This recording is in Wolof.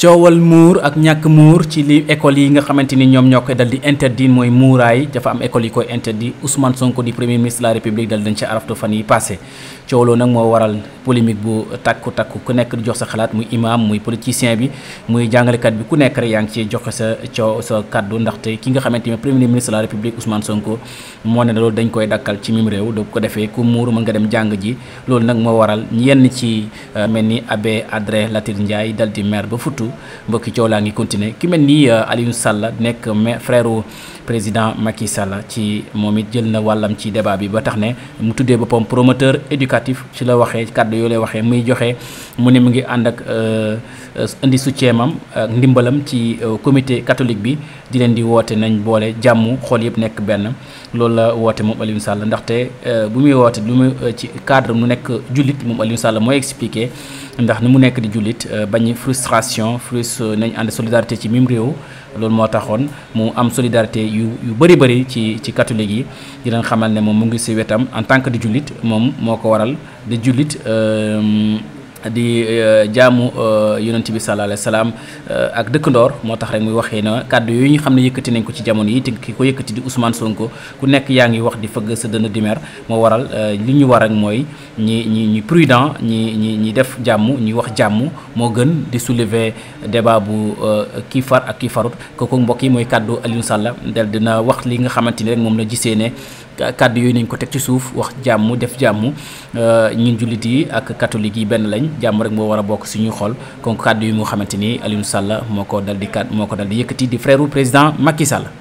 coowal muur ak ñàkk muur ci li école yi nga xamante ni ñoom ñoo koy dal di interdire mooy muuraay dafa am école yi koy interdire Ousmane Sonko di premier ministre de la République dal dañ ci araftu fan yi passé coow loolu nag moo waral polémique bu takku takku ku nekk di jox sa xalaat muy imam muy politicien bi muy jàngalekat bi ku nekk yaa ngi ci joxe sa coow sa kaddu ndaxte ki nga xamante ni premier ministre de la République Ousmane Sonko moo ne loolu dañ koy dakkal ci mim réew doo ko defee ku muur mën nga dem jàng ji loolu nag moo waral yenn ci euh, mel ni Abbé Adré Latir Ndiaye dal di maire ba futu mbokki coow ngi continuer ki melni euh, Aliou Sall nek frère président Macky Sall ci momit it jël na wàllam ci débat bi ba taxne mu tuddé bopom promoteur éducatif ci la waxé cadre yo lay waxé muy joxé mu ne mu ngi and ak euh, indi soutien ak ndimbalam ci euh, comité catholique bi di len di woté nañ bolé jamm xool yëpp nek ben loolu la woté mom Aliou Sall ndaxte bu muy woté lu ci cadre mu nek julit mom Aliou Sall moy expliqué ndax ni mu nek di julit bañ frustration plus euh, nañ ànd solidarité ci mim réew loolu moo taxoon mu am solidarité yu yu bëri bëri ci ci catholique yi di leen xamal ne moom mu ngi si wetam en tant que di jullit moom moo ko waral di jullit euh, di euh, jaamu euh, yonent bi sallallahu alayhi wasallam euh, ak dëkkandoor moo tax rek muy waxee na kàddu yooyu ñu xam ne yëkkati nañ ko ci jamono yi te ki ko yëkkati di Ousmane Sonko ku nekk yaa ngi wax di fëgg sa dënn di mer moo waral li ñu war ak mooy ñi ñi ñi prudent ñi ñi ñi def jàmm ñuy wax jàmm moo gën di soulever débat bu kii far ak kii farut kooku mbokk yi mooy kàddu alinu Sall del dina wax li nga xamante ni rek moom la gisee ne kàddu yooyu nañ ko teg ci suuf wax jàmm def jàmm euh, ñun jullit yi ak catholique yi benn lañ jàmm rek moo war a bokk suñuy xol kon kàdd yi nga xamante ni alinu Sall moo ko dal di kat moo ko dal di yëkkati di frère président Macky Sall.